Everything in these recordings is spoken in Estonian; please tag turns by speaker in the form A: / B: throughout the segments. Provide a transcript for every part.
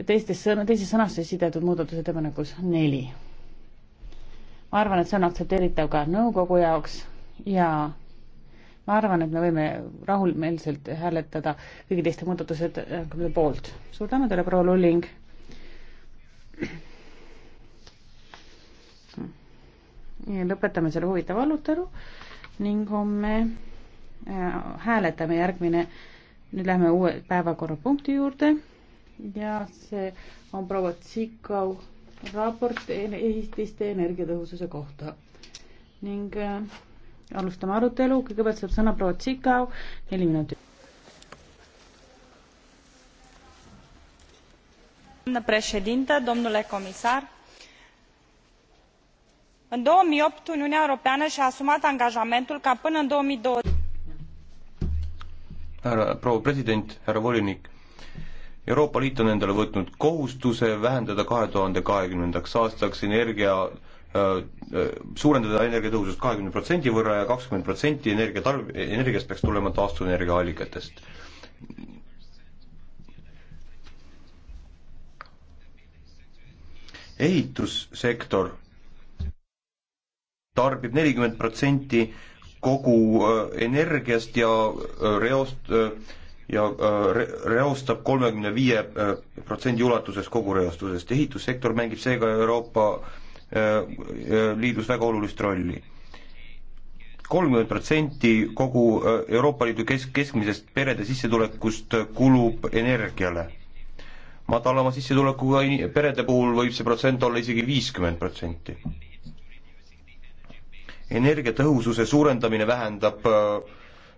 A: teistes sõna, teises sõnastuses sidetud muudatusettepanekus neli. ma arvan, et see on aktsepteeritav ka nõukogu jaoks ja ma arvan, et me võime rahumeelselt hääletada kõigi teiste muudatusettepanekute poolt. suur tänu teile, proua Lulling. lõpetame selle huvitava arutelu ning homme äh, hääletame järgmine, nüüd lähme uue päevakorrapunkti juurde ja see on proua Tsikau raport Eestiste energiatõhususe kohta ning äh, alustame arutelu, kõigepealt saab sõna proua Tsikau, neli minutit. doamnă președintă, domnule comisar, în 2008 Uniunea Europeană și-a asumat angajamentul ca până în 2020
B: härra, proua president, härra volinik, Euroopa Liit on endale võtnud kohustuse vähendada kahe tuhande kahekümnendaks aastaks energia äh, äh, suurendada energiatõhusust kahekümne protsendi võrra ja kakskümmend protsenti energia tarb-, energiast peaks tulema taastuvenergia allikatest. ehitussektor tarbib nelikümmend protsenti kogu äh, energiast ja äh, reost äh, ja äh, re-, reostab kolmekümne viie äh, protsendi ulatuses kogu reostusest. ehitussektor mängib seega Euroopa äh, Liidus väga olulist rolli. kolmkümmend protsenti kogu Euroopa Liidu kes-, keskmisest perede sissetulekust kulub energiale. madalama sissetulekuga perede puhul võib see protsent olla isegi viiskümmend protsenti. energiatõhususe suurendamine vähendab äh,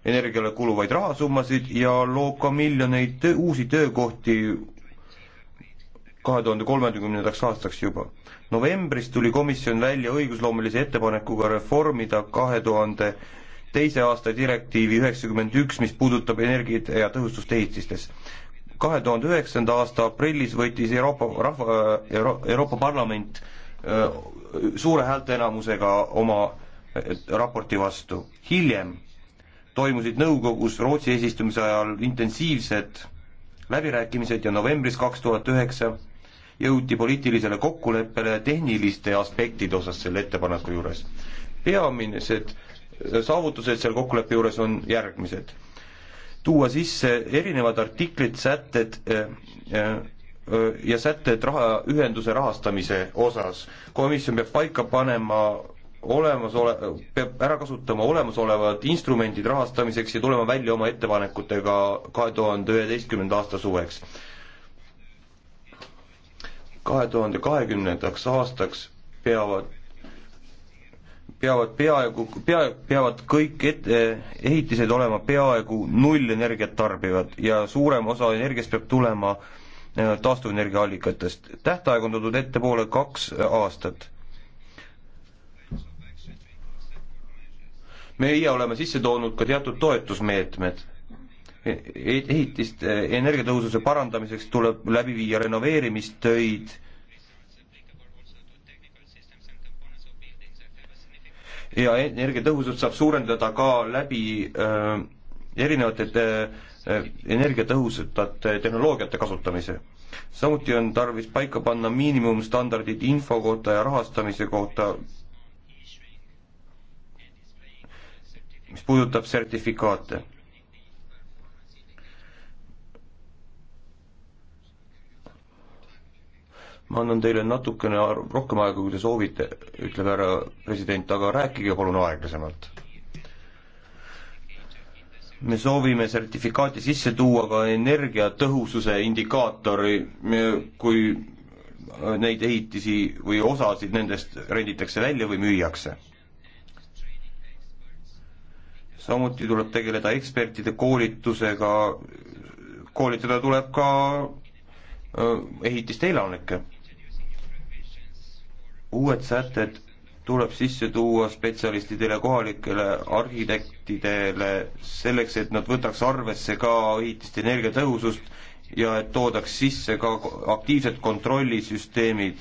B: energiale kuluvaid rahasummasid ja loob ka miljoneid töö, uusi töökohti kahe tuhande kolmekümnendaks aastaks juba. novembris tuli komisjon välja õigusloomelise ettepanekuga reformida kahe tuhande teise aasta direktiivi üheksakümmend üks, mis puudutab energiat ja tõhustust ehitistes. kahe tuhande üheksanda aasta aprillis võttis Euroopa rahva Euro,, Euroopa Parlament suure häälteenamusega oma äh, raporti vastu. hiljem toimusid nõukogus Rootsi eesistumise ajal intensiivsed läbirääkimised ja novembris kaks tuhat üheksa jõuti poliitilisele kokkuleppele tehniliste aspektide osas selle ettepaneku juures. peamised äh, saavutused selle kokkuleppe juures on järgmised. tuua sisse erinevad artiklid, sätted äh, äh, ja sätted raha, ühenduse rahastamise osas. komisjon peab paika panema olemasole-, peab ära kasutama olemasolevad instrumendid rahastamiseks ja tulema välja oma ettepanekutega kahe tuhande üheteistkümnenda aasta suveks. kahe tuhande kahekümnendaks aastaks peavad peavad peaaegu, pea, peavad kõik et-, ehitised olema peaaegu nullenergiat tarbivad ja suurem osa energiast peab tulema äh, taastuvenergia allikatest. tähtaeg on toodud ettepoole kaks aastat. meie oleme sisse toonud ka teatud toetusmeetmed. E-, ehitiste energiatõhususe parandamiseks tuleb läbi viia renoveerimistöid ja energiatõhusust saab suurendada ka läbi äh, erinevate äh, energiatõhusate tehnoloogiate kasutamise. samuti on tarvis paika panna miinimumstandardid info kohta ja rahastamise kohta mis puudutab sertifikaate. ma annan teile natukene rohkem aega, kui te soovite, ütleb härra president, aga rääkige palun aeglasemalt. me soovime sertifikaati sisse tuua ka energiatõhususe indikaatori, kui neid ehitisi või osasid nendest renditakse välja või müüakse samuti tuleb tegeleda ekspertide koolitusega, koolitada tuleb ka ehitiste elanikke. uued sätted tuleb sisse tuua spetsialistidele, kohalikele arhitektidele selleks, et nad võtaks arvesse ka ehitiste energiatõhusust ja et toodaks sisse ka aktiivsed kontrollisüsteemid,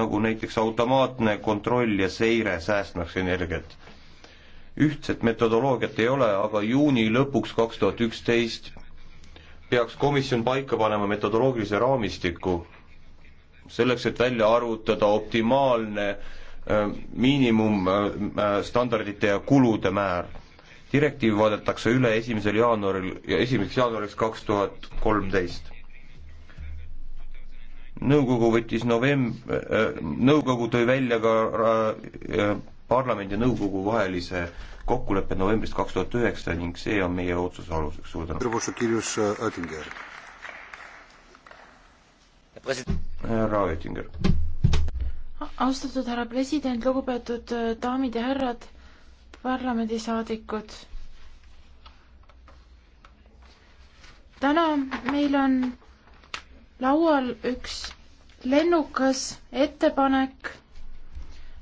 B: nagu näiteks automaatne kontroll ja seire säästmaks energiat ühtset metodoloogiat ei ole, aga juuni lõpuks kaks tuhat üksteist peaks komisjon paika panema metodoloogilise raamistiku selleks, et välja arvutada optimaalne äh, miinimumstandardite äh, äh ja kulude määr. direktiiv vaadatakse üle esimesel jaanuaril ja esimeseks jaanuariks kaks tuhat kolmteist nõukogu võttis novemb-, äh, nõukogu tõi välja ka äh, parlamendi ja nõukogu vahelise kokkuleppe novembrist kaks tuhat üheksa ning see on meie otsuse aluseks. suur tänu. Äh, härra Oettinger.
C: austatud härra president, lugupeetud äh, daamid ja härrad, parlamendisaadikud. täna meil on laual üks lennukas ettepanek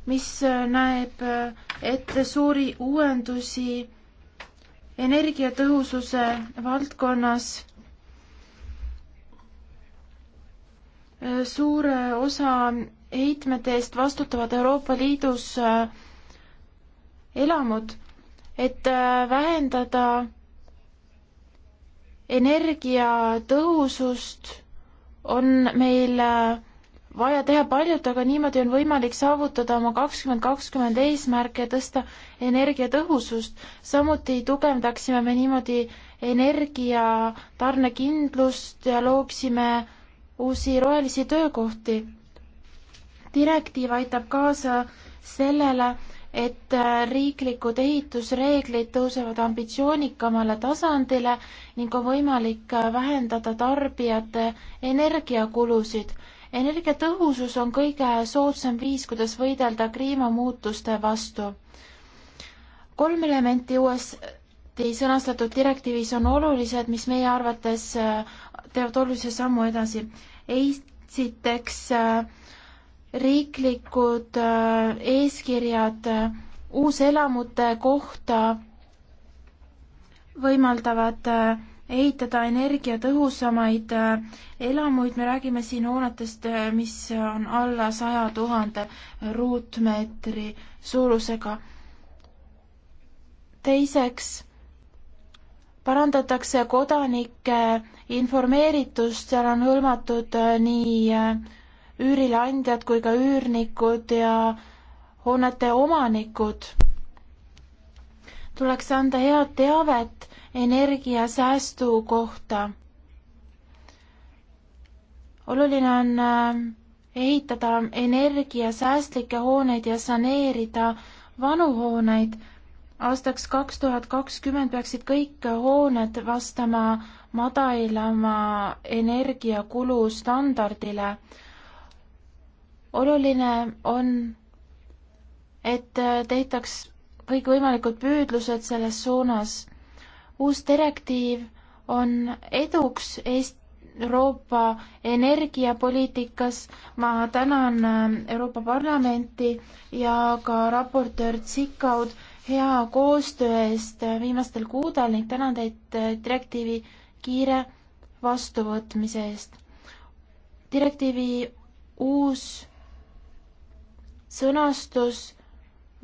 C: mis äh, näeb äh, ette suuri uuendusi energiatõhususe valdkonnas äh, suure osa heitmete eest vastutavad Euroopa Liidus elamud, et vähendada energiatõhusust, on meil vaja teha paljut, aga niimoodi on võimalik saavutada oma kakskümmend kakskümmend eesmärke ja tõsta energiatõhusust. samuti tugevdaksime me niimoodi energia tarnekindlust ja looksime uusi rohelisi töökohti. direktiiv aitab kaasa sellele, et riiklikud ehitusreeglid tõusevad ambitsioonikamale tasandile ning on võimalik vähendada tarbijate energiakulusid energiatõhusus on kõige soodsam viis, kuidas võidelda kliimamuutuste vastu. kolm elementi uuesti sõnastatud direktiivis on olulised, mis meie arvates äh, teevad olulise sammu edasi. esiteks äh, riiklikud äh, eeskirjad uuselamute kohta võimaldavad äh, ehitada energiatõhusamaid äh, elamuid, me räägime siin hoonetest, äh, mis on alla saja tuhande ruutmeetri suurusega. teiseks parandatakse kodanike informeeritust, seal on hõlmatud äh, nii üürileandjad kui ka üürnikud ja hoonete omanikud. tuleks anda head teavet energiasäästu kohta. oluline on äh, ehitada energiasäästlikke hooneid ja saneerida vanu hooneid. aastaks kaks tuhat kakskümmend peaksid kõik hooned vastama madalama energiakulu standardile. oluline on, et äh, tehtaks kõikvõimalikud püüdlused selles suunas uus direktiiv on eduks Eest-, Euroopa energiapoliitikas. ma tänan ähm, Euroopa Parlamenti ja ka raportöör Tsikaud hea koostöö eest äh, viimastel kuudel ning tänan teid äh, direktiivi kiire vastuvõtmise eest. direktiivi uus sõnastus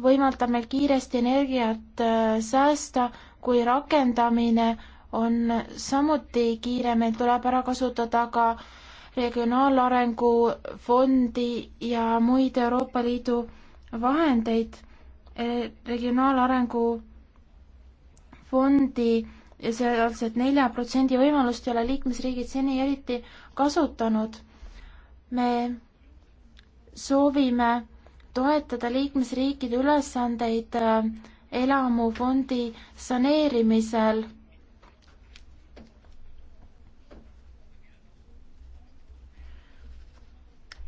C: võimaldab meil kiiresti energiat äh, säästa kui rakendamine on samuti kiire, meil tuleb ära kasutada ka regionaalarengu fondi ja muid Euroopa Liidu vahendeid, e, regionaalarengu fondi ja sealset nelja protsendi võimalust ei ole liikmesriigid seni eriti kasutanud. me soovime toetada liikmesriikide ülesandeid äh, elamufondi saneerimisel.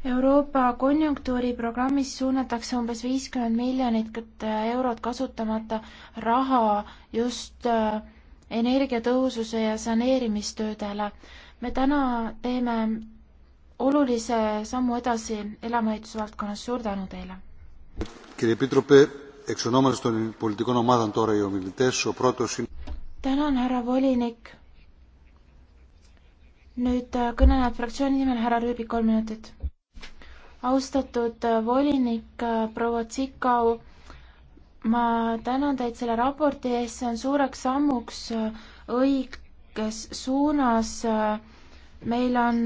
C: Euroopa konjunktuuriprogrammis suunatakse umbes viiskümmend miljonit äh, eurot kasutamata raha just äh, energiatõhususe ja saneerimistöödele. me täna teeme olulise sammu edasi elamuehitusvaldkonnas, suur tänu teile! tänan, härra volinik. nüüd äh, kõnelejad fraktsiooni nimel, härra Rüübik, kolm minutit. austatud äh, volinik äh, proua Tsikau, ma tänan teid selle raporti eest, see on suureks sammuks õiges suunas. meil on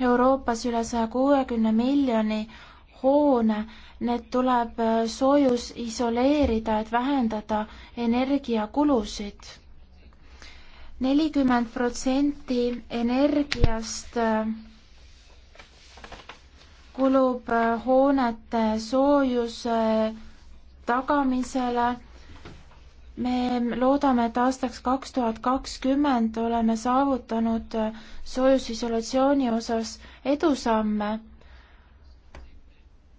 C: Euroopas üle saja kuuekümne miljoni hoone, need tuleb äh, soojus isoleerida, et vähendada energiakulusid. nelikümmend protsenti energiast äh, kulub äh, hoonete soojuse tagamisele. me loodame, et aastaks kaks tuhat kakskümmend oleme saavutanud soojusisolatsiooni osas edusamme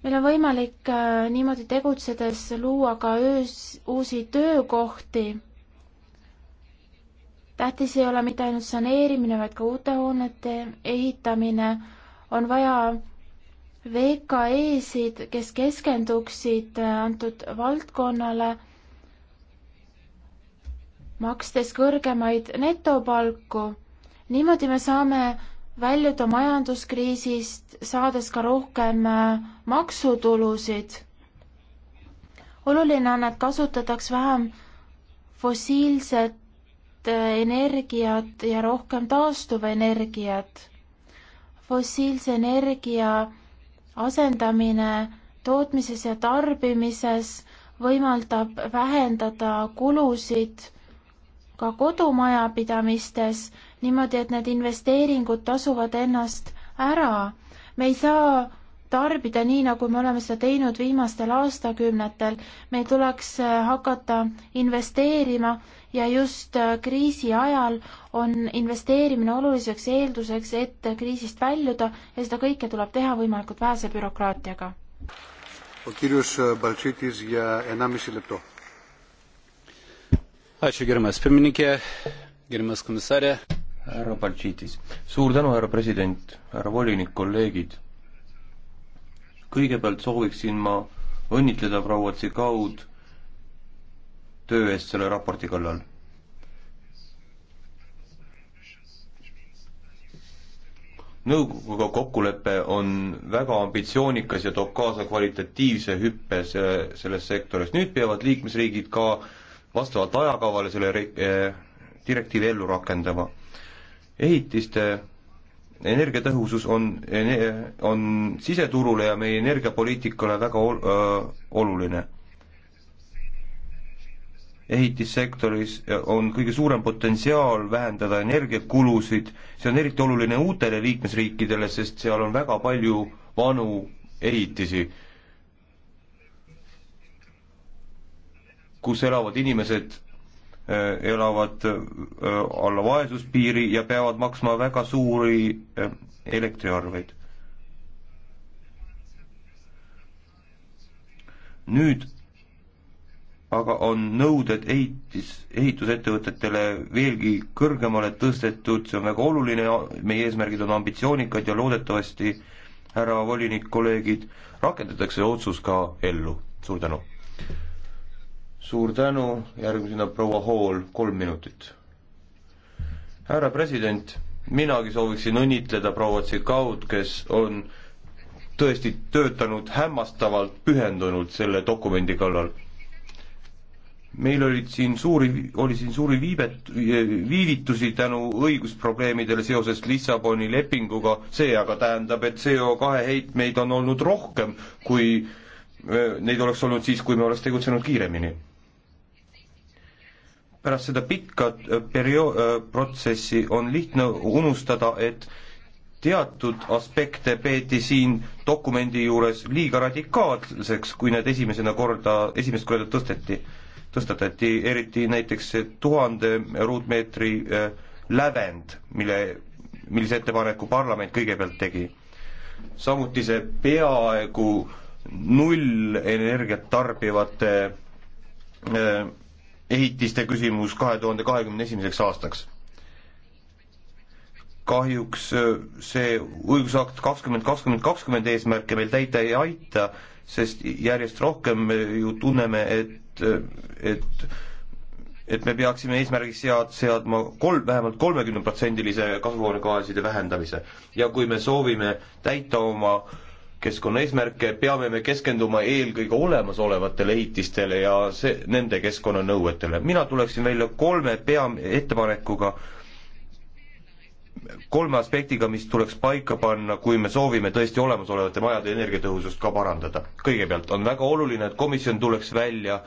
C: meil on võimalik äh, niimoodi tegutsedes luua ka öös uusi töökohti. tähtis ei ole mitte ainult saneerimine, vaid ka uute hoonete ehitamine. on vaja VKE-sid, kes keskenduksid äh, antud valdkonnale, makstes kõrgemaid netopalku. niimoodi me saame väljuda majanduskriisist, saades ka rohkem äh, maksutulusid. oluline on, et kasutataks vähem fossiilset äh, energiat ja rohkem taastuvenergiat. fossiilse energia asendamine tootmises ja tarbimises võimaldab vähendada kulusid ka kodumajapidamistes niimoodi, et need investeeringud tasuvad ennast ära. me ei saa tarbida nii, nagu me oleme seda teinud viimastel aastakümnetel. meil tuleks äh, hakata investeerima ja just äh, kriisi ajal on investeerimine oluliseks eelduseks, et kriisist väljuda ja seda kõike tuleb teha võimalikult vähese bürokraatiaga.
D: kirjus äh, Baltšitis ja enamisi lepto
B: Ačiū, gerbiamas pirmininkė, gerbiamas komisarė. härra Baltšiitis, suur tänu, härra president, härra volinik, kolleegid. kõigepealt sooviksin ma õnnitleda proua Tsikaud töö eest selle raporti kallal nõukoguga kokkulepe on väga ambitsioonikas ja toob kaasa kvalitatiivse hüppe selle, selles sektoris. nüüd peavad liikmesriigid ka vastavalt ajakavale selle re-, eh, direktiivi ellu rakendama. ehitiste energiatõhusus on, on siseturule ja meie energiapoliitikale väga ol, öö, oluline. ehitissektoris eh, on kõige suurem potentsiaal vähendada energiakulusid, see on eriti oluline uutele liikmesriikidele, sest seal on väga palju vanu ehitisi kus elavad inimesed äh, elavad äh, alla vaesuspiiri ja peavad maksma väga suuri äh, elektriarveid. nüüd aga on nõuded ehitis, ehitusettevõtetele veelgi kõrgemale tõstetud, see on väga oluline, meie eesmärgid on ambitsioonikad ja loodetavasti härra volinik, kolleegid, rakendatakse otsus ka ellu. suur tänu! suur tänu, järgmisena proua Hall, kolm minutit. härra president, minagi sooviksin õnnitleda proua Tsikaud, kes on tõesti töötanud hämmastavalt pühendunult selle dokumendi kallal. meil olid siin suuri, oli siin suuri viibet, viivitusi tänu õigusprobleemidele seoses Lissaboni lepinguga, see aga tähendab, et CO2 heitmeid on olnud rohkem kui äh, neid oleks olnud siis, kui me oleks tegutsenud kiiremini. pärast seda pikka perio-, protsessi on lihtne unustada, et teatud aspekte peeti siin dokumendi juures liiga radikaalseks, kui need esimesena korda, esimest korda tõsteti, tõstatati, eriti näiteks see tuhande ruutmeetri lävend, mille, millise ettepaneku parlament kõigepealt tegi. samuti see peaaegu äh, null energiat tarbivate eh, ehitiste küsimus kahe tuhande kahekümne esimeseks aastaks kahjuks eh, see õigusakt kakskümmend, kakskümmend, kakskümmend eesmärke meil täita ei aita, sest järjest rohkem me ju tunneme, et, eh, et et me peaksime eesmärgiks sead-, seadma kolm, vähemalt kolmekümneprotsendilise kasvuhoonegaaside vähendamise. ja kui me soovime täita oma äh, keskkonnaeesmärke, peame me keskenduma eelkõige olemasolevatele ehitistele ja see, nende keskkonnanõuetele. mina tuleksin välja kolme peaettepanekuga, kolme aspektiga, mis tuleks paika panna, kui me soovime tõesti olemasolevate majade energiatõhusust ka parandada. kõigepealt on väga oluline, et komisjon tuleks välja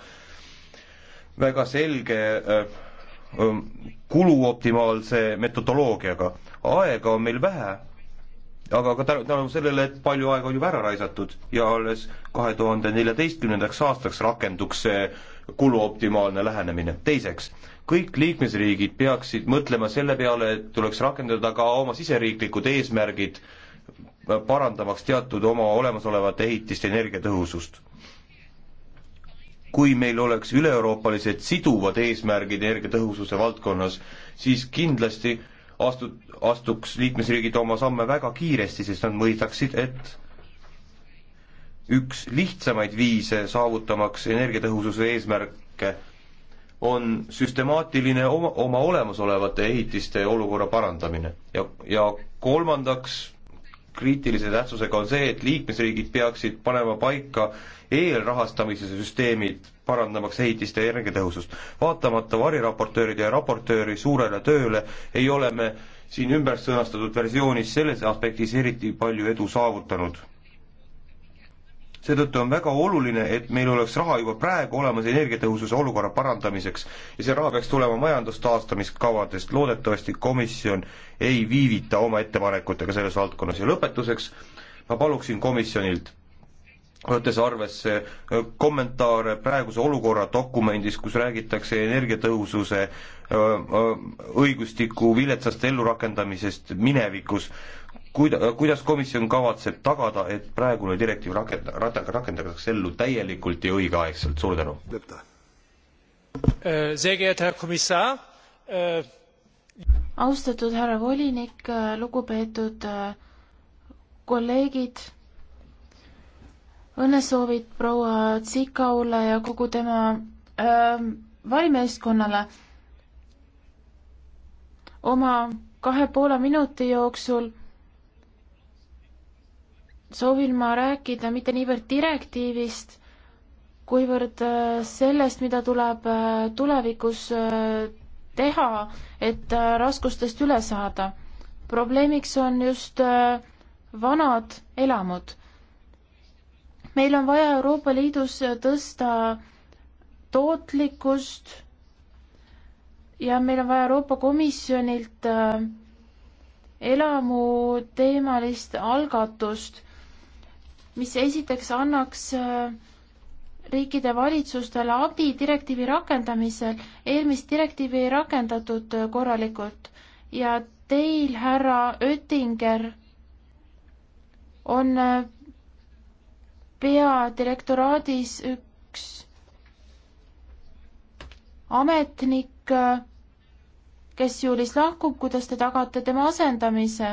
B: väga selge äh, äh, kuluoptimaalse metodoloogiaga. aega on meil vähe aga ka tänu, tänu sellele, et palju aega on juba ära raisatud ja alles kahe tuhande neljateistkümnendaks aastaks rakenduks see kuluoptimaalne lähenemine. teiseks, kõik liikmesriigid peaksid mõtlema selle peale, et tuleks rakendada ka oma siseriiklikud eesmärgid, parandamaks teatud oma olemasolevate ehitiste energiatõhusust. kui meil oleks üle-euroopalised siduvad eesmärgid energiatõhususe valdkonnas, siis kindlasti astu-, astuks liikmesriigid oma samme väga kiiresti, sest nad mõistaksid, et üks lihtsamaid viise saavutamaks energiatõhususe eesmärke on süstemaatiline oma, oma olemasolevate ehitiste olukorra parandamine ja, ja kolmandaks kriitilise tähtsusega on see, et liikmesriigid peaksid panema paika eelrahastamise süsteemid, parandamaks ehitiste energiatõhusust. vaatamata variraportööride ja raportööri suurele tööle ei ole me siin ümber sõnastatud versioonis selles aspektis eriti palju edu saavutanud seetõttu on väga oluline, et meil oleks raha juba praegu olemas energiatõhususe olukorra parandamiseks ja see raha peaks tulema majandustaastamiskavadest, loodetavasti komisjon ei viivita oma ettepanekutega selles valdkonnas ja lõpetuseks ma paluksin komisjonilt, võttes arvesse kommentaare praeguse olukorra dokumendis, kus räägitakse energiatõhususe õigustiku viletsast ellurakendamisest minevikus, kuida-, kuidas komisjon kavatseb tagada, et praegune direktiiv rakenda-, rata-, rakendatakse ellu täielikult ja õigeaegselt, suur tänu! Äh,
E: äh,
C: austatud härra volinik, äh, lugupeetud kolleegid, õnnesoovid proua Tsikaule ja kogu tema äh, valimeeskonnale. oma kahe poole minuti jooksul soovin ma rääkida mitte niivõrd direktiivist, kuivõrd äh, sellest, mida tuleb äh, tulevikus äh, teha, et raskustest üle saada. probleemiks on just vanad elamud. meil on vaja Euroopa Liidus tõsta tootlikkust ja meil on vaja Euroopa Komisjonilt elamuteemalist algatust mis esiteks annaks äh, riikide valitsustele abi direktiivi rakendamisel, eelmist direktiivi ei rakendatud äh, korralikult ja teil, härra Oettinger, on äh, peadirektoraadis üks ametnik, kes juulis lahkub, kuidas te tagate tema asendamise?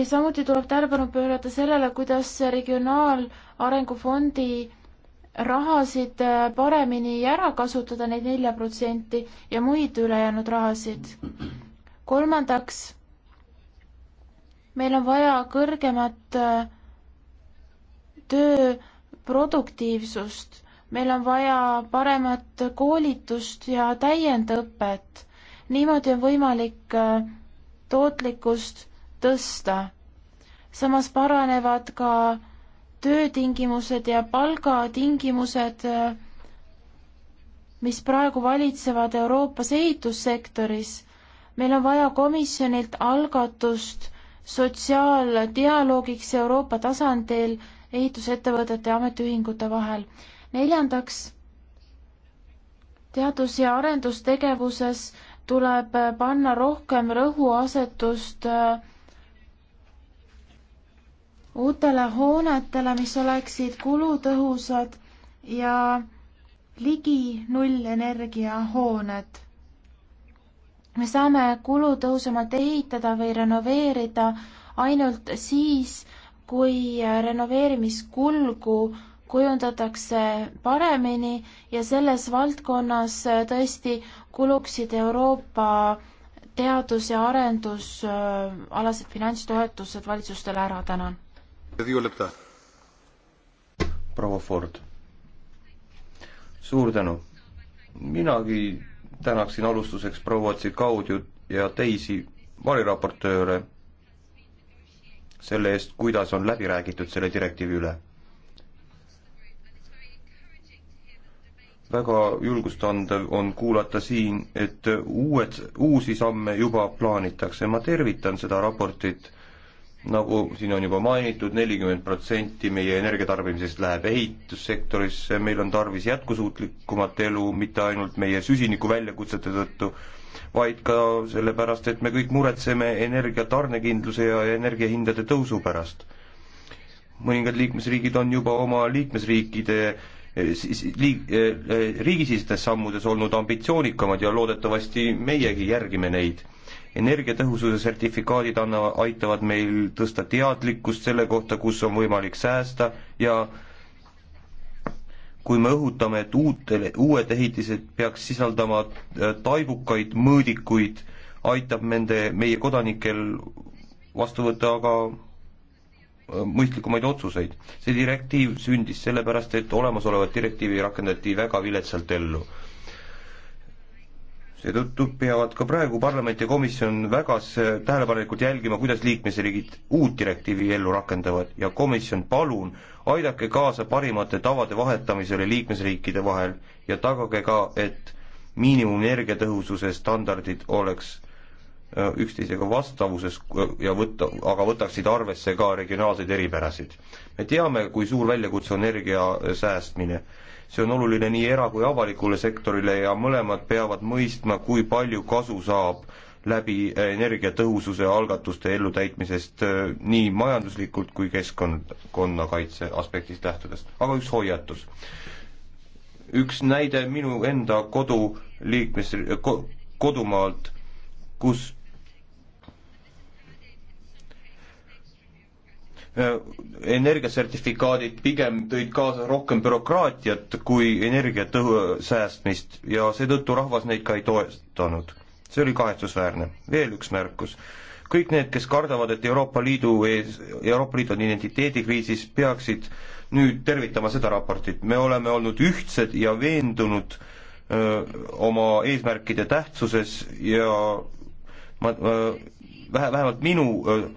C: ja samuti tuleb tähelepanu pöörata sellele, kuidas Regionaalarengu Fondi rahasid äh, paremini ära kasutada, neid nelja protsenti ja muid ülejäänud rahasid. kolmandaks, meil on vaja kõrgemat äh, töö produktiivsust, meil on vaja paremat koolitust ja täiendõpet. niimoodi on võimalik äh, tootlikkust tõsta. samas paranevad ka töötingimused ja palgatingimused, mis praegu valitsevad Euroopas ehitussektoris. meil on vaja komisjonilt algatust sotsiaaldialoogiks Euroopa tasandil ehitusettevõtete ja ametiühingute vahel. neljandaks, teadus- ja arendustegevuses tuleb panna rohkem rõhuasetust äh, uutele hoonetele, mis oleksid kulutõhusad ja ligi nullenergia hooned. me saame kulutõhusamalt ehitada või renoveerida ainult siis, kui renoveerimiskulgu kujundatakse paremini ja selles valdkonnas tõesti kuluksid Euroopa teadus- ja arendusalased finantstoetused valitsustele ära, tänan
B: proua Ford. suur tänu. minagi tänaksin alustuseks proua Tsikaudjut ja teisi variraportööre selle eest, kuidas on läbi räägitud selle direktiivi üle. väga julgustandev on kuulata siin, et uued, uusi samme juba plaanitakse, ma tervitan seda raportit nagu siin on juba mainitud, nelikümmend protsenti meie energiatarbimisest läheb ehitussektorisse, meil on tarvis jätkusuutlikumat elu mitte ainult meie süsiniku väljakutsete tõttu, vaid ka sellepärast, et me kõik muretseme energia tarnekindluse ja energiahindade tõusu pärast. mõningad liikmesriigid on juba oma liikmesriikide siis liik-, riigisisestes sammudes olnud ambitsioonikamad ja loodetavasti meiegi järgime neid energiatõhususe sertifikaadid anna-, aitavad meil tõsta teadlikkust selle kohta, kus on võimalik säästa ja kui me õhutame, et uutele, uued ehitised peaks sisaldama äh, taibukaid mõõdikuid, aitab nende, meie kodanikel vastu võtta aga äh, mõistlikumaid otsuseid. see direktiiv sündis sellepärast, et olemasolevat direktiivi rakendati väga viletsalt ellu seetõttu peavad ka praegu parlament ja komisjon väga tähelepanelikult jälgima, kuidas liikmesriigid uut direktiivi ellu rakendavad ja komisjon, palun aidake kaasa parimate tavade vahetamisele liikmesriikide vahel ja tagage ka, et miinimumenergiatõhususe standardid oleks üksteisega vastavuses ja võtta, aga võtaksid arvesse ka regionaalseid eripärasid. me teame, kui suur väljakutse on energia säästmine see on oluline nii era- kui avalikule sektorile ja mõlemad peavad mõistma, kui palju kasu saab läbi energiatõhususe algatuste ellutäitmisest äh, nii majanduslikult kui keskkonnakaitse aspektist lähtudes. aga üks hoiatus. üks näide minu enda kodu liikmes, kodumaalt, kus Äh, energiasertifikaadid pigem tõid kaasa rohkem bürokraatiat kui energiatõhu säästmist ja seetõttu rahvas neid ka ei toetanud. see oli kahetsusväärne. veel üks märkus. kõik need, kes kardavad, et Euroopa Liidu ees, Euroopa Liit on identiteedikriisis, peaksid nüüd tervitama seda raportit. me oleme olnud ühtsed ja veendunud öö, äh, oma eesmärkide tähtsuses ja ma, öö, äh, vähe, vähemalt minu öö,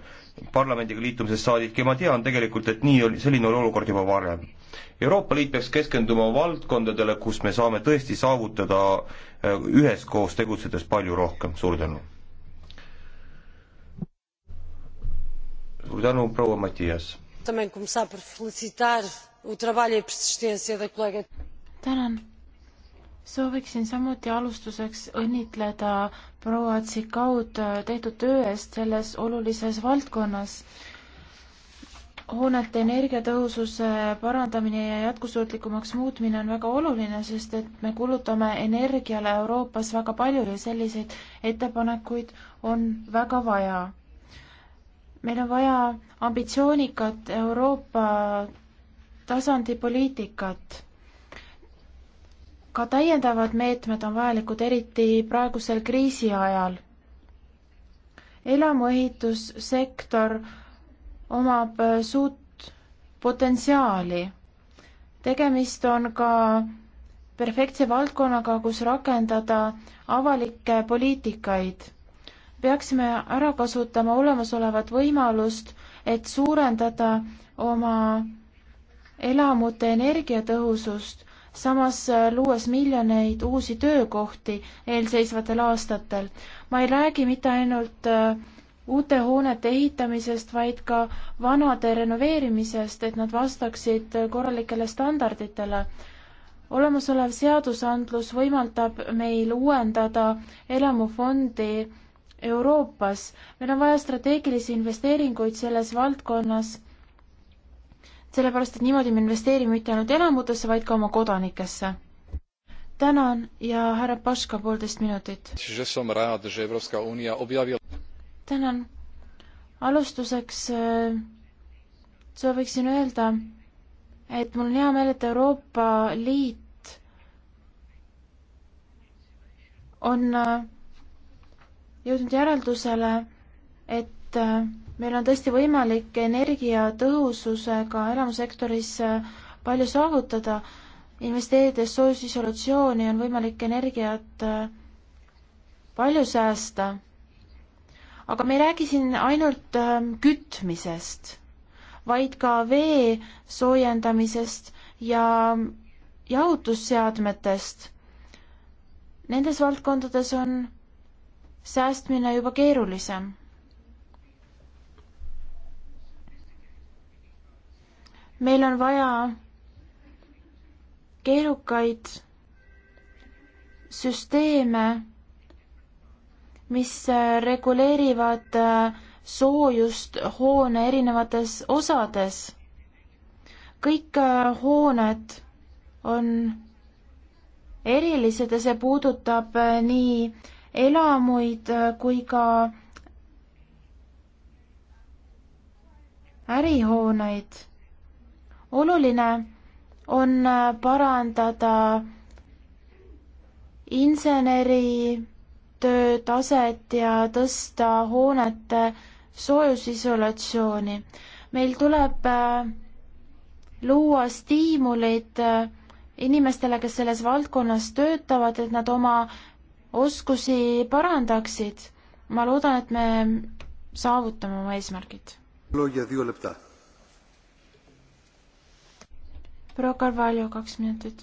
B: parlamendiga liitumisest saadik ja ma tean tegelikult, et nii oli, selline oli olukord juba varem. Euroopa Liit peaks keskenduma valdkondadele, kus me saame tõesti saavutada äh, üheskoos tegutsedes palju rohkem, suur tänu. suur tänu, proua Matias.
A: E tänan
C: sooviksin samuti alustuseks õnnitleda proua Tsikaud äh, tehtud töö eest selles olulises valdkonnas. hoonete energiatõhususe parandamine ja jätkusuutlikumaks muutmine on väga oluline, sest et me kulutame energiale Euroopas väga palju ja selliseid ettepanekuid on väga vaja. meil on vaja ambitsioonikat Euroopa tasandi poliitikat ka täiendavad meetmed on vajalikud, eriti praegusel kriisi ajal. elamuehitussektor omab äh, suurt potentsiaali. tegemist on ka perfektse valdkonnaga, kus rakendada avalikke poliitikaid. peaksime ära kasutama olemasolevat võimalust, et suurendada oma elamute energiatõhusust samas äh, luues miljoneid uusi töökohti eelseisvatel aastatel. ma ei räägi mitte ainult äh, uute hoonete ehitamisest, vaid ka vanade renoveerimisest, et nad vastaksid äh, korralikele standarditele. olemasolev seadusandlus võimaldab meil uuendada elamufondi Euroopas. meil on vaja strateegilisi investeeringuid selles valdkonnas sellepärast et niimoodi me investeerime mitte ainult elamutesse, vaid ka oma kodanikesse. tänan ja härra Paška, poolteist minutit. tänan. alustuseks eh, sooviksin öelda, et mul on hea meel, et Euroopa Liit on eh, jõudnud järeldusele, et et äh, meil on tõesti võimalik energiatõhususega elamusektoris äh, palju saavutada. investeerides soojusisolatsiooni on võimalik energiat äh, palju säästa. aga me ei räägi siin ainult kütmisest, vaid ka vee soojendamisest ja jahutusseadmetest. Nendes valdkondades on säästmine juba keerulisem meil on vaja keerukaid süsteeme, mis reguleerivad äh, soojust hoone erinevates osades. kõik äh, hooned on erilised ja see puudutab äh, nii elamuid kui ka ärihooneid oluline on äh, parandada inseneri töötaset ja tõsta hoonete soojusisolatsiooni. meil tuleb äh, luua stiimulid äh, inimestele, kes selles valdkonnas töötavad, et nad oma oskusi parandaksid. ma loodan, et me saavutame oma eesmärgid proua Carvalho, kaks minutit.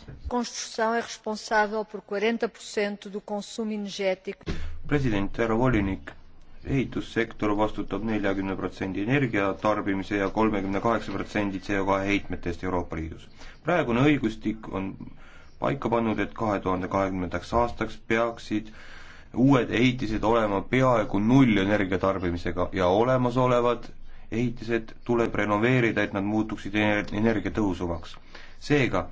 B: president, härra volinik, ehitussektor vastutab neljakümne protsendi energia tarbimise ja kolmekümne kaheksa protsendi CO2 heitmetest Euroopa Liidus. praegune õigustik on paika pannud, et kahe tuhande kahekümnendaks aastaks peaksid uued ehitised olema peaaegu nullenergia tarbimisega ja olemasolevad ehitised tuleb renoveerida, et nad muutuksid energiatõhusamaks seega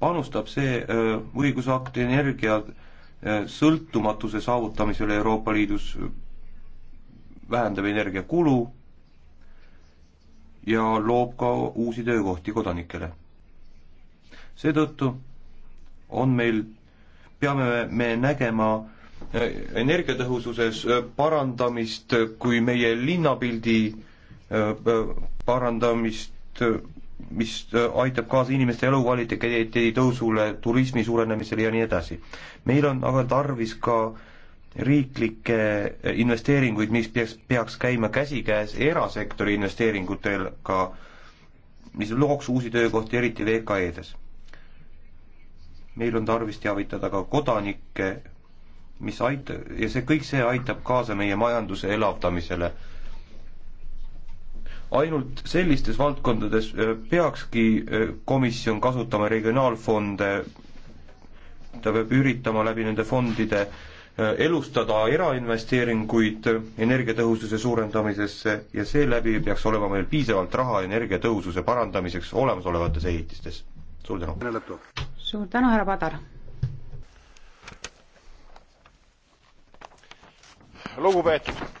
B: panustab see õigusakt energia sõltumatuse saavutamisele Euroopa Liidus, vähendab energiakulu ja loob ka uusi töökohti kodanikele. seetõttu on meil, peame me nägema energiatõhususes parandamist kui meie linnapildi parandamist mis äh, aitab kaasa inimeste elukvaliteedi tõusule, turismi suurenemisele ja nii edasi. meil on aga tarvis ka riiklikke äh, investeeringuid, mis peaks, peaks käima käsikäes erasektori investeeringutega, mis looks uusi töökohti, eriti VKE-des. meil on tarvis teavitada ka kodanikke, mis aita-, ja see, kõik see aitab kaasa meie majanduse elavdamisele ainult sellistes valdkondades äh, peakski äh, komisjon kasutama regionaalfonde, ta peab üritama läbi nende fondide äh, elustada erainvesteeringuid energiatõhususe suurendamisesse ja seeläbi peaks olema meil piisavalt raha energiatõhususe parandamiseks olemasolevates ehitistes. suur tänu!
A: suur tänu, härra Padar!
F: lugupeetud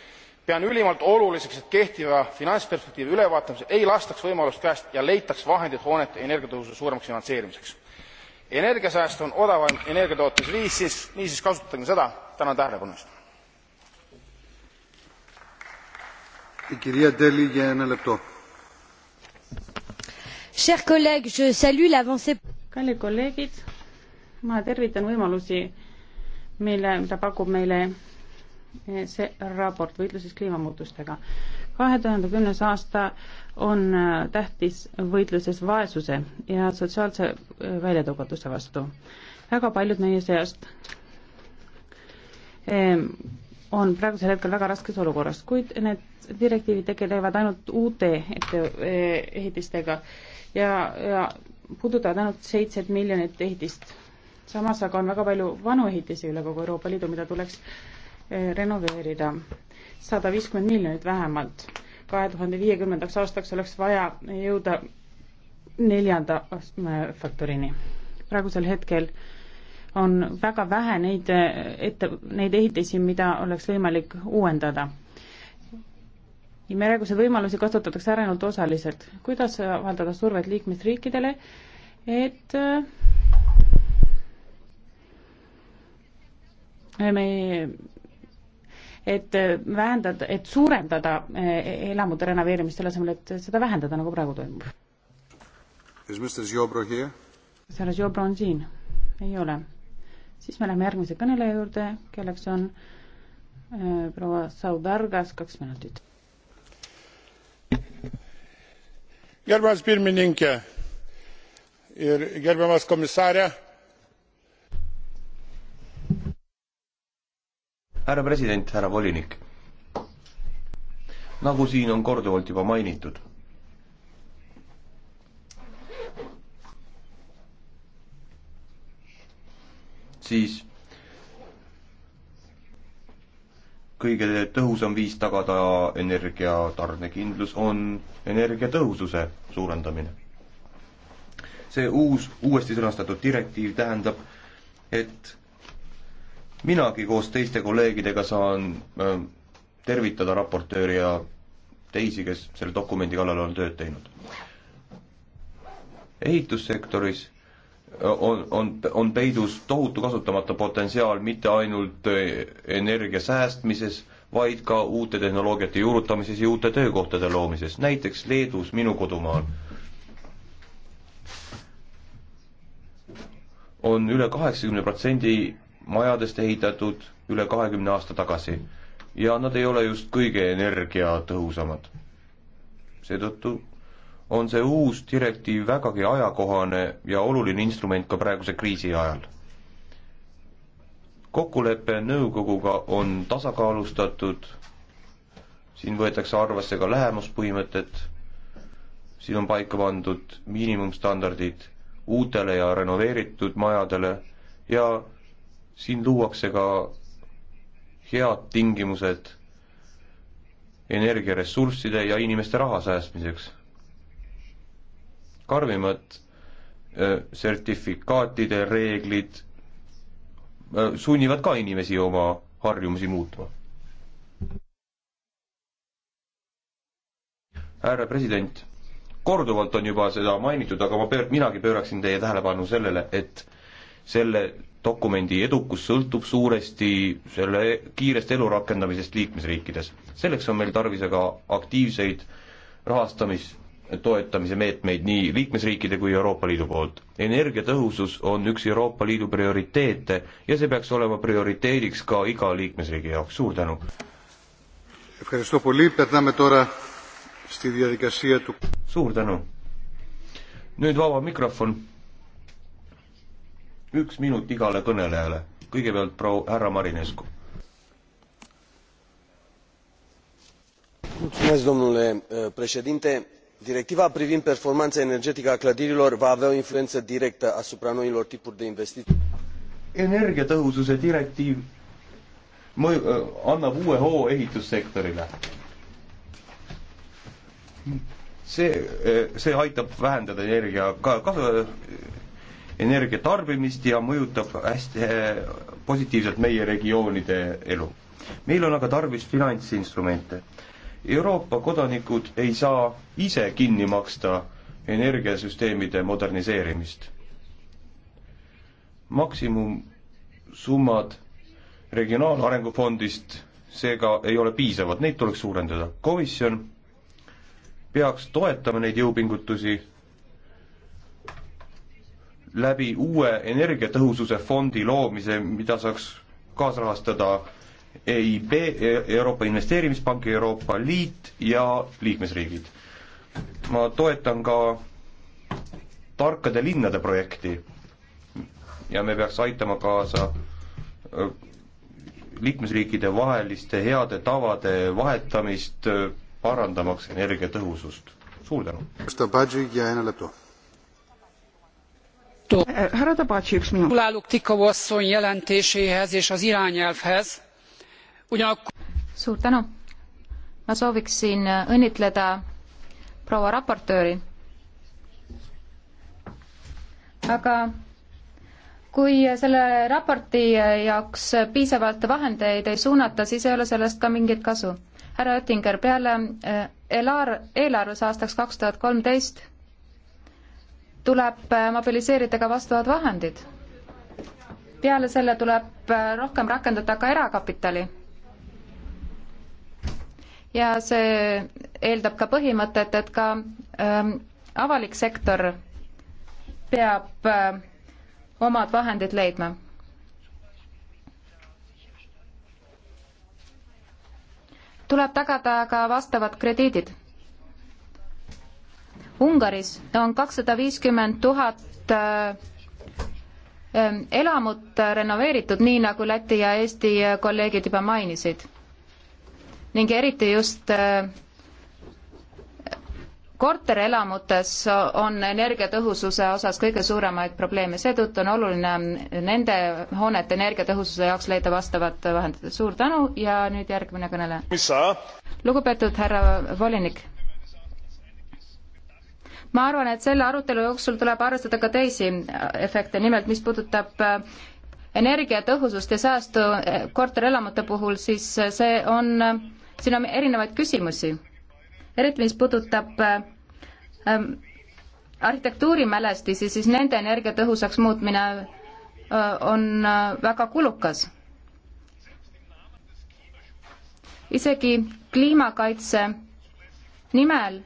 F: pean ülimalt oluliseks et kehtiva finantsperspektiivi ülevaatamisel ei lastaks võimalust käest ja leitaks vahendeid hoonete energiatõhususe suuremaks finantseerimiseks. energiasääst on odavaim energiatootmisviis niisiis kasutagem seda! tänan tähelepanu eest!
A: kallid kolleegid ma tervitan võimalusi mille mida pakub meile see raport võitluses kliimamuutustega. kahe tuhande kümnes aasta on äh, tähtis võitluses vaesuse ja sotsiaalse äh, väljatõugatuse vastu. väga paljud meie seast ähm, on praegusel hetkel väga raskes olukorras, kuid need direktiivid tegelevad ainult uute äh, ehitistega ja, ja puudutavad ainult seitset miljonit ehitist. samas aga on väga palju vanu ehitisi üle kogu Euroopa Liidu, mida tuleks Eh, renoveerida. sada viiskümmend miljonit vähemalt. kahe tuhande viiekümnendaks aastaks oleks vaja jõuda neljanda eh, faktorini. praegusel hetkel on väga vähe neid eh, ette, neid ehitisi, mida oleks võimalik uuendada. merekuse võimalusi kasutatakse ära ainult osaliselt. kuidas avaldada survet liikmesriikidele, et me et äh, vähendada, et suurendada äh, elamute renoveerimist, selle asemel, et seda vähendada, nagu praegu toimub. kas härra Jobro on siin? ei ole. siis me läheme järgmise kõneleja juurde, kelleks on äh, proua Saudargas, kaks minutit.
B: gerbiamas pirmininke ir gerbiamas komisare härra president, härra volinik, nagu siin on korduvalt juba mainitud, siis kõige tõhusam viis tagada energia tarnekindlus on energiatõhususe suurendamine. see uus, uuesti sõnastatud direktiiv tähendab, et minagi koos teiste kolleegidega saan äh, tervitada raportööri ja teisi, kes selle dokumendi kallal on tööd teinud. ehitussektoris äh, on, on, on peidus tohutu kasutamata potentsiaal mitte ainult äh, energia säästmises, vaid ka uute tehnoloogiate juurutamises ja uute töökohtade loomises, näiteks Leedus, minu kodumaal. on üle kaheksakümne protsendi majadest ehitatud üle kahekümne aasta tagasi ja nad ei ole just kõige energiatõhusamad. seetõttu on see uus direktiiv vägagi ajakohane ja oluline instrument ka praeguse kriisi ajal. kokkulepe nõukoguga on tasakaalustatud, siin võetakse arvesse ka lähemuspõhimõtet, siin on paika pandud miinimumstandardid uutele ja renoveeritud majadele ja siin luuakse ka head tingimused energiaressursside ja inimeste raha säästmiseks. karmimad sertifikaatide reeglid sunnivad ka inimesi oma harjumusi muutma. härra president, korduvalt on juba seda mainitud, aga ma pöör-, minagi pööraksin teie tähelepanu sellele, et selle dokumendi edukus sõltub suuresti selle kiirest elurakendamisest liikmesriikides. selleks on meil tarvis aga aktiivseid rahastamis, toetamise meetmeid nii liikmesriikide kui Euroopa Liidu poolt. energiatõhusus on üks Euroopa Liidu prioriteete ja see peaks olema prioriteediks ka iga liikmesriigi jaoks, suur tänu! suur tänu! nüüd vaba mikrofon üks minut igale kõnelejale. kõigepealt proua härra Marinescu.
F: domnule eh, președinte directiva privind
B: performanța energetică a clădirilor va avea o influență directă asupra noilor tipuri de investiții. energiatõhususe direktiiv mõju, eh, annab uue hoo ehitussektorile. see, eh, see aitab vähendada energia ka kasu energia tarbimist ja mõjutab hästi eh, positiivselt meie regioonide elu. meil on aga tarvis finantsinstrumente. Euroopa kodanikud ei saa ise kinni maksta energiasüsteemide moderniseerimist. maksimumsummad regionaalarengu fondist seega ei ole piisavad, neid tuleks suurendada. komisjon peaks toetama neid jõupingutusi läbi uue energiatõhususe fondi loomise, mida saaks kaasrahastada EIB, e, Euroopa Investeerimispank, Euroopa Liit ja liikmesriigid. ma toetan ka tarkade linnade projekti ja me peaks aitama kaasa liikmesriikide vaheliste heade tavade vahetamist, parandamaks energiatõhusust. suur tänu!
G: härra Tabacsi, üks minut. gratulálok Tikau asszony jelentéséhez és az irányelvhez. ugyanakkor. suur
E: tänu. ma sooviksin äh, õnnitleda proua raportööri. aga kui selle raporti jaoks piisavalt vahendeid ei suunata, siis ei ole sellest ka mingit kasu. härra Oettinger, peale eelar-, äh, eelarves aastaks kaks tuhat kolmteist tuleb äh, mobiliseerida ka vastavad vahendid. peale selle tuleb äh, rohkem rakendada ka erakapitali. ja see eeldab ka põhimõtet, et ka ähm, avalik sektor peab äh, omad vahendid leidma. tuleb tagada ka vastavad krediidid Ungaris on kakssada viiskümmend tuhat äh, ähm, elamut renoveeritud, nii nagu Läti ja Eesti kolleegid juba mainisid. ning eriti just äh, korterelamutes on energiatõhususe osas kõige suuremaid probleeme, seetõttu on oluline nende hoonete energiatõhususe jaoks leida vastavad vahendid. suur tänu ja nüüd järgmine kõneleja. lugupeetud härra volinik ma arvan, et selle arutelu jooksul tuleb arvestada ka teisi efekte, nimelt mis puudutab äh, energiatõhusust ja säästu äh, korterelamute puhul, siis äh, see on, siin on erinevaid küsimusi. eriti mis puudutab ähm, arhitektuurimälestisi, siis nende energiatõhusaks muutmine on väga kulukas. isegi kliimakaitse nimel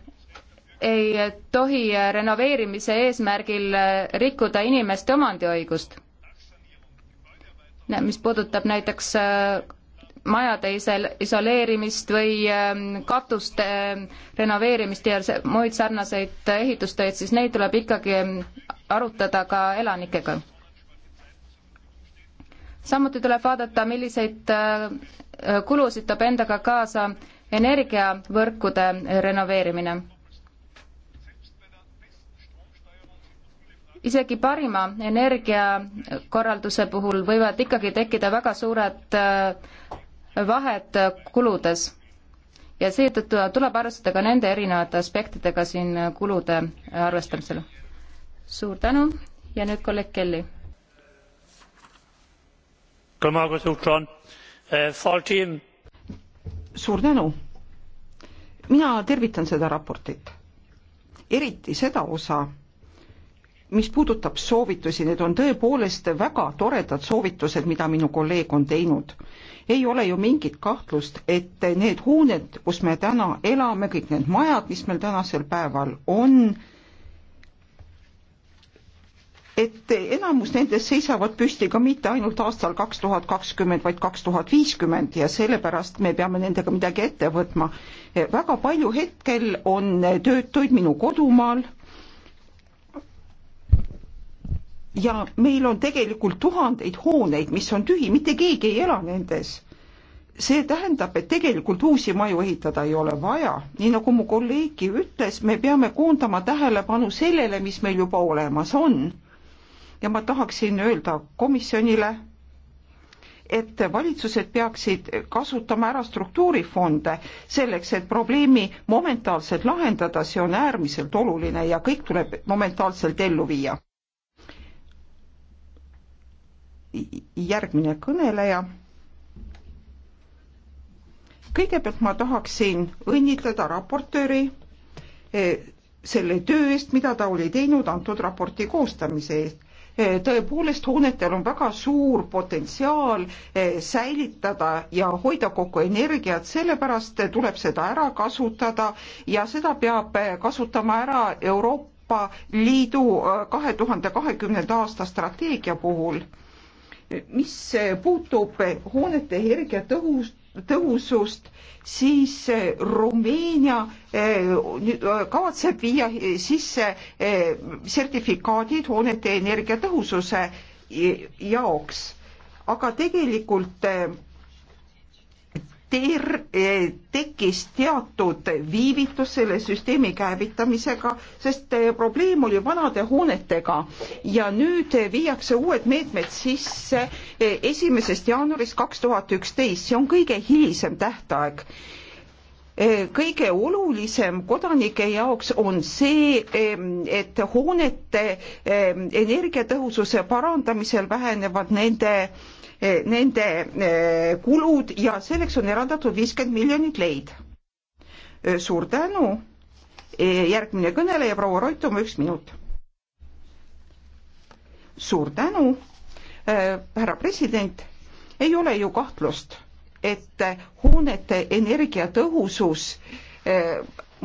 E: ei tohi renoveerimise eesmärgil rikkuda inimeste omandiõigust. mis puudutab näiteks äh, majade isoleerimist või ähm, katuste ähm, renoveerimist ja muid sarnaseid ehitustöid, siis neid tuleb ikkagi ähm, arutada ka elanikega. samuti tuleb vaadata, milliseid äh, kulusid toob endaga kaasa energiavõrkude renoveerimine isegi parima energiakorralduse puhul võivad ikkagi tekkida väga suured äh, vahed äh, kuludes ja seetõttu tuleb arvestada ka nende erinevate aspektidega siin äh, kulude arvestamisel. suur tänu ja nüüd kolleeg Kelly.
G: suur tänu. mina tervitan seda raportit, eriti seda osa mis puudutab soovitusi, need on tõepoolest väga toredad soovitused, mida minu kolleeg on teinud. ei ole ju mingit kahtlust, et need hooned, kus me täna elame, kõik need majad, mis meil tänasel päeval on, et enamus nendest seisavad püsti ka mitte ainult aastal kaks tuhat kakskümmend, vaid kaks tuhat viiskümmend ja sellepärast me peame nendega midagi ette võtma. väga palju hetkel on töötuid minu kodumaal ja meil on tegelikult tuhandeid hooneid, mis on tühi, mitte keegi ei ela nendes. see tähendab, et tegelikult uusi maju ehitada ei ole vaja, nii nagu mu kolleegki ütles, me peame koondama tähelepanu sellele, mis meil juba olemas on. ja ma tahaksin öelda komisjonile, et valitsused peaksid kasutama ära struktuurifonde selleks, et probleemi momentaalselt lahendada, see on äärmiselt oluline ja kõik tuleb momentaalselt ellu viia. järgmine kõneleja. kõigepealt ma tahaksin õnnitleda raportööri eh, selle töö eest, mida ta oli teinud antud raporti koostamise eest. Eh, tõepoolest, hoonetel on väga suur potentsiaal eh, säilitada ja hoida kokku energiat, sellepärast tuleb seda ära kasutada ja seda peab kasutama ära Euroopa Liidu kahe tuhande kahekümnenda aasta strateegia puhul mis puutub hoonete energiatõhus, tõhusust, siis eh, Rumeenia eh, eh, kavatseb viia sisse sertifikaadid hoonete energiatõhususe jaoks, aga tegelikult ter-, eh, tekkis teatud viivitus selle süsteemi käivitamisega, sest eh, probleem oli vanade hoonetega ja nüüd eh, viiakse uued meetmed sisse esimesest jaanuarist kaks tuhat üksteist, see on kõige hilisem tähtaeg kõige olulisem kodanike jaoks on see, et hoonete energiatõhususe parandamisel vähenevad nende Eh, nende eh, kulud ja selleks on eraldatud viiskümmend miljonit leid. Eh, suur tänu. järgmine kõneleja, proua Roituma, üks minut. suur tänu, härra president. ei ole ju kahtlust, et hoonete energiatõhusus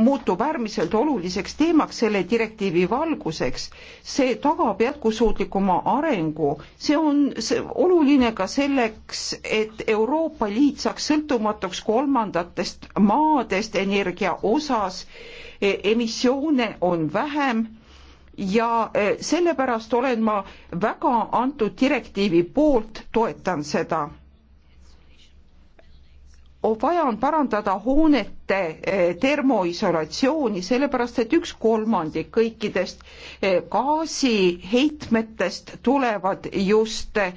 G: muutub äärmiselt oluliseks teemaks selle direktiivi valguseks. see tagab jätkusuutlikuma arengu, see on see, oluline ka selleks, et Euroopa Liit saaks sõltumatuks kolmandatest maadest energia osas, e, emissioone on vähem ja e, sellepärast olen ma väga antud direktiivi poolt, toetan seda vaja on parandada hoonete eh, termoisolatsiooni, sellepärast et üks kolmandik kõikidest eh, gaasiheitmetest tulevad just eh,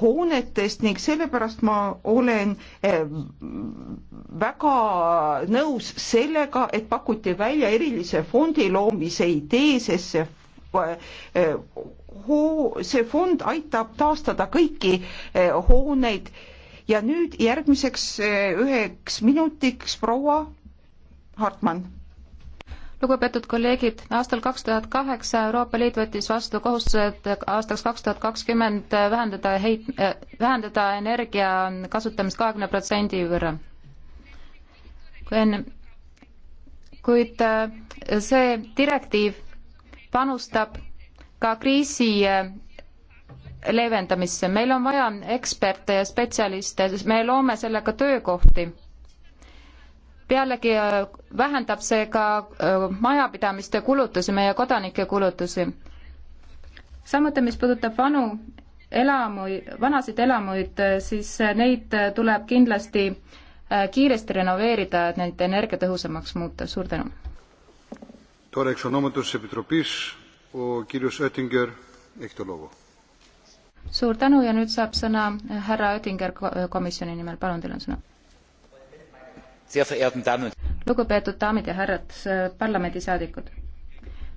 G: hoonetest ning sellepärast ma olen väga nõus sellega, et pakuti välja erilise fondi loomise idee, sest see see fond aitab taastada kõiki hooneid ja nüüd järgmiseks eh, üheks minutiks proua Hartmann
E: lugupeetud kolleegid, aastal kaks tuhat kaheksa Euroopa Liit võttis vastu kohustused aastaks kaks tuhat kakskümmend vähendada heit-, eh, vähendada energia kasutamist kahekümne protsendi võrra. kui enne, kuid eh, see direktiiv panustab ka kriisi leevendamisse, meil on vaja eksperte ja spetsialiste, sest me loome sellega töökohti. pealegi äh, vähendab see ka äh, majapidamiste kulutusi, meie kodanike kulutusi. samuti, mis puudutab vanu elamu, vanasid elamuid, äh, siis neid tuleb kindlasti kiiresti renoveerida, et neid energiatõhusamaks muuta, suur tänu.
D: tore, eks on omadus, see Petropis, kirjus Oettinger, Ektolovo
E: suur tänu ja nüüd saab sõna härra Oettinger komisjoni nimel, palun, teil on sõna. lugupeetud daamid ja härrad, äh, parlamendisaadikud.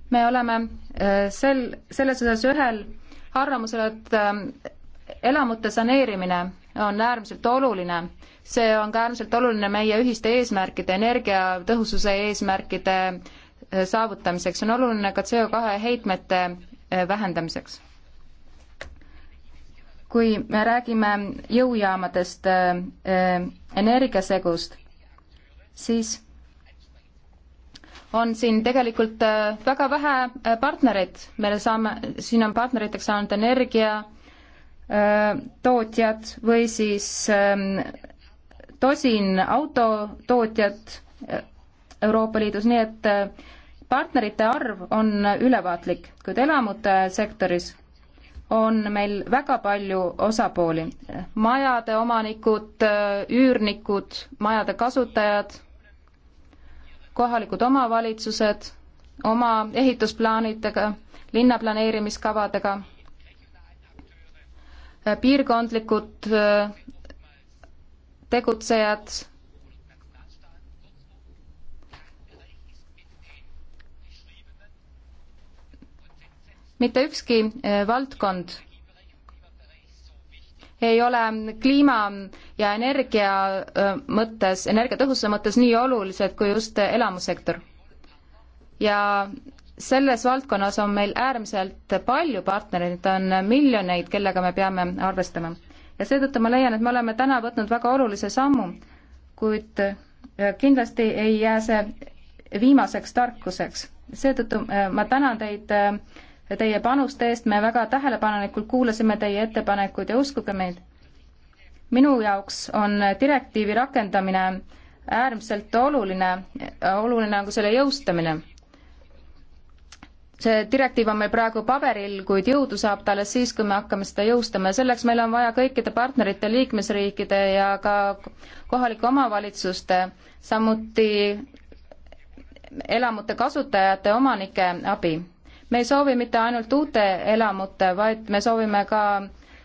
E: me oleme äh, sel, selles osas ühel arvamusel, et äh, elamute saneerimine on äärmiselt oluline. see on ka äärmiselt oluline meie ühiste eesmärkide, energiatõhususe eesmärkide saavutamiseks, on oluline ka CO2 heitmete vähendamiseks kui me räägime jõujaamadest äh, äh,, energiasegust, siis on siin tegelikult äh, väga vähe äh, partnereid, me saame, siin on partneriteks saanud energiatootjad äh, või siis ähm, tosin autotootjad äh, Euroopa Liidus, nii et partnerite arv on ülevaatlik, kuid elamute sektoris on meil väga palju osapooli. majade omanikud, üürnikud, majade kasutajad, kohalikud omavalitsused oma ehitusplaanidega, linnaplaneerimiskavadega, piirkondlikud äh, tegutsejad mitte ükski eh, valdkond ei ole kliima ja energia eh, mõttes, energiatõhususe mõttes nii olulised kui just elamusektor. ja selles valdkonnas on meil äärmiselt palju partnereid, on miljoneid, kellega me peame arvestama. ja seetõttu ma leian, et me oleme täna võtnud väga olulise sammu, kuid eh, kindlasti ei jää see viimaseks tarkuseks. seetõttu ma tänan teid äh, teie panuste eest, me väga tähelepanelikult kuulasime teie ettepanekuid ja uskuge meid, minu jaoks on direktiivi rakendamine äärmiselt oluline, oluline on nagu ka selle jõustamine. see direktiiv on meil praegu paberil, kuid jõudu saab ta alles siis, kui me hakkame seda jõustama ja selleks meil on vaja kõikide partnerite, liikmesriikide ja ka kohalike omavalitsuste, samuti elamute kasutajate, omanike abi me ei soovi mitte ainult uute elamute, vaid me soovime ka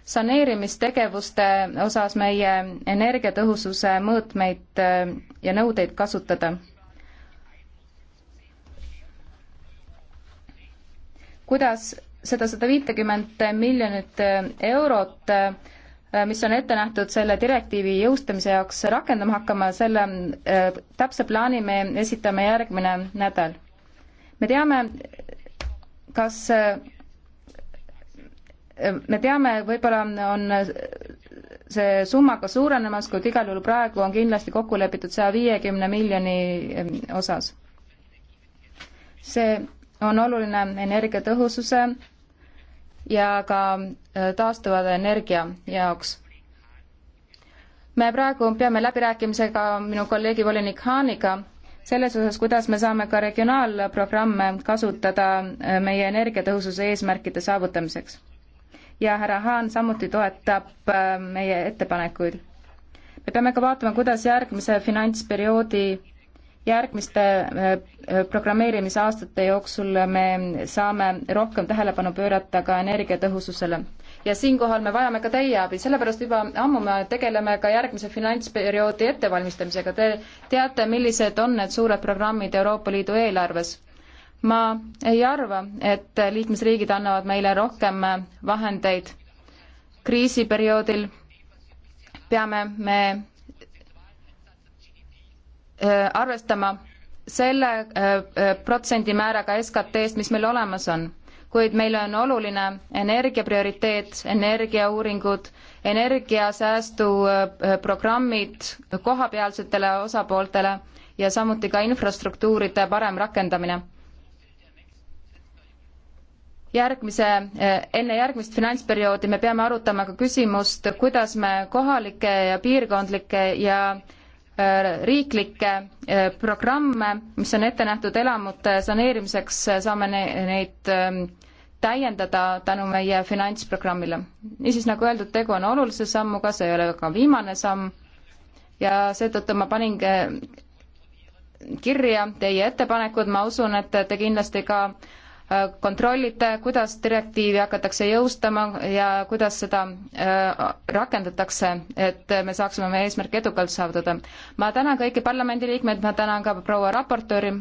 E: saneerimistegevuste osas meie energiatõhususe mõõtmeid äh, ja nõudeid kasutada. kuidas seda sada viitekümmet miljonit äh, eurot, äh, mis on ette nähtud selle direktiivi jõustamise jaoks rakendama hakkama, selle täpse plaani me esitame järgmine nädal. me teame, kas eh, me teame, võib-olla on see summa ka suurenemas, kuid igal juhul praegu on kindlasti kokku lepitud saja viiekümne miljoni eh, osas. see on oluline energiatõhususe ja ka eh, taastuva energia jaoks. me praegu peame läbirääkimisega minu kolleegi volinik Haaniga selles osas, kuidas me saame ka regionaalprogramme kasutada äh, meie energiatõhususe eesmärkide saavutamiseks. ja härra Haan samuti toetab äh, meie ettepanekuid. me peame ka vaatama, kuidas järgmise finantsperioodi järgmiste äh, programmeerimisaastate jooksul me saame rohkem tähelepanu pöörata ka energiatõhususele ja siinkohal me vajame ka teie abi, sellepärast juba ammu me tegeleme ka järgmise finantsperioodi ettevalmistamisega. Te teate, millised on need suured programmid Euroopa Liidu eelarves. ma ei arva, et liikmesriigid annavad meile rohkem vahendeid. kriisiperioodil peame me äh, arvestama selle äh, äh, protsendimääraga SKT-st, mis meil olemas on kuid meile on oluline energia prioriteet, energiauuringud, energiasäästuprogrammid äh, kohapealsetele osapooltele ja samuti ka infrastruktuuride parem rakendamine. järgmise, äh, enne järgmist finantsperioodi me peame arutama ka küsimust, kuidas me kohalikke ja piirkondlikke ja Äh, riiklikke äh, programme, mis on ette nähtud elamute saneerimiseks, äh, saame neid ähm, täiendada tänu meie finantsprogrammile. niisiis, nagu öeldud, tegu on olulise sammuga, see ei ole ka viimane samm ja seetõttu ma panin kirja teie ettepanekud, ma usun, et te kindlasti ka Äh, kontrollite, kuidas direktiivi hakatakse jõustama ja kuidas seda äh, rakendatakse, et me saaksime oma eesmärke edukalt saavutada. ma tänan kõiki parlamendiliikmeid, ma tänan ka proua raportööri.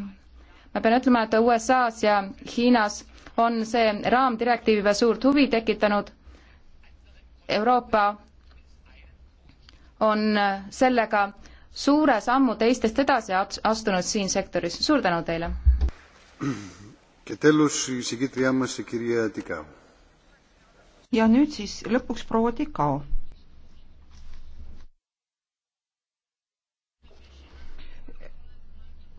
E: ma pean ütlema, et USA-s ja Hiinas on see raamdirektiiv juba suurt huvi tekitanud. Euroopa on sellega suure sammu teistest edasi astunud siin sektoris. suur tänu teile!
G: ja nüüd siis lõpuks proua Tikao.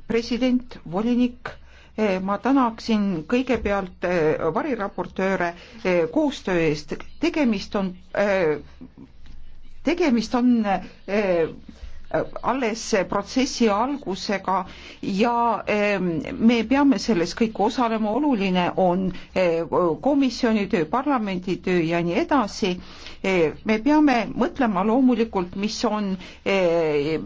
G: president, volinik eh, ma tänaksin kõigepealt eh, variraportööre eh, koostöö eest. tegemist on, tegemist on alles protsessi algusega ja ehm, me peame selles kõik osalema, oluline on eh, komisjoni töö, parlamendi töö ja nii edasi. Eh, me peame mõtlema loomulikult, mis on eh,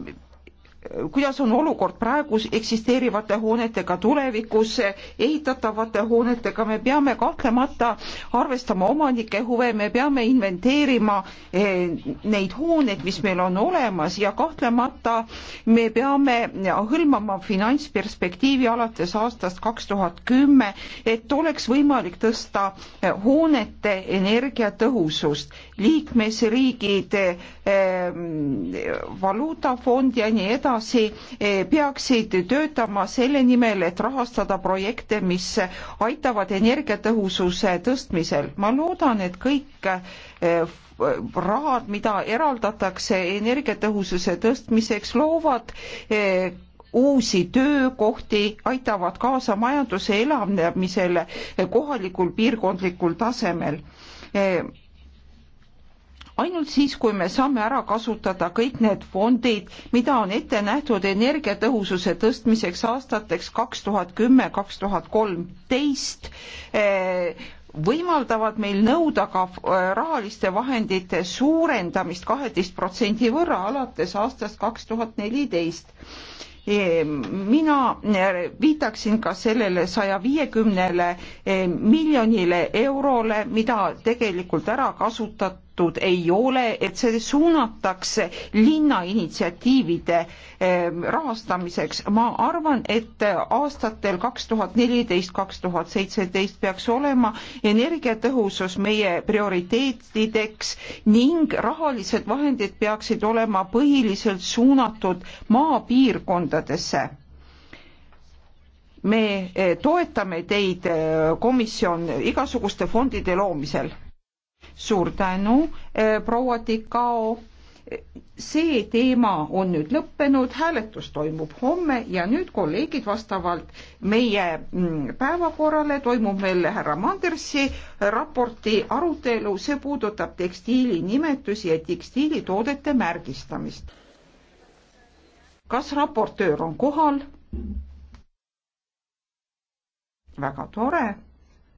G: kuidas on olukord praegu eksisteerivate hoonetega tulevikus, ehitatavate hoonetega, me peame kahtlemata arvestama omanike huve, me peame inventeerima eh, neid hooneid, mis meil on olemas ja kahtlemata me peame hõlmama finantsperspektiivi alates aastast kaks tuhat kümme, et oleks võimalik tõsta eh, hoonete energiatõhusust. liikmesriigid, eh, valuutafond ja nii edasi, edasi eh, peaksid töötama selle nimel, et rahastada projekte, mis aitavad energiatõhususe tõstmisel. ma loodan, et kõik eh, rahad, mida eraldatakse energiatõhususe tõstmiseks, loovad eh, uusi töökohti, aitavad kaasa majanduse elavnemisele kohalikul piirkondlikul tasemel ainult siis, kui me saame ära kasutada kõik need fondid, mida on ette nähtud energiatõhususe tõstmiseks aastateks kaks tuhat kümme, kaks tuhat kolmteist, eh, võimaldavad meil nõuda ka eh, rahaliste vahendite suurendamist kaheteist protsendi võrra alates aastast kaks tuhat neliteist eh, mina viitaksin ka sellele saja viiekümnele miljonile eurole, mida tegelikult ära kasutat-, suunatud ei ole, et see suunatakse linnainitsiatiivide ehm, rahastamiseks. ma arvan, et aastatel kaks tuhat neliteist, kaks tuhat seitseteist peaks olema energiatõhusus meie prioriteetideks ning rahalised vahendid peaksid olema põhiliselt suunatud maapiirkondadesse me eh, toetame teid, eh, komisjon, igasuguste fondide loomisel suur tänu, eh, proua Tikao. see teema on nüüd lõppenud, hääletus toimub homme ja nüüd kolleegid vastavalt meie mm, päevakorrale toimub meil härra Mandersi raporti arutelu, see puudutab tekstiilinimetusi ja tekstiilitoodete märgistamist. kas raportöör on kohal? väga tore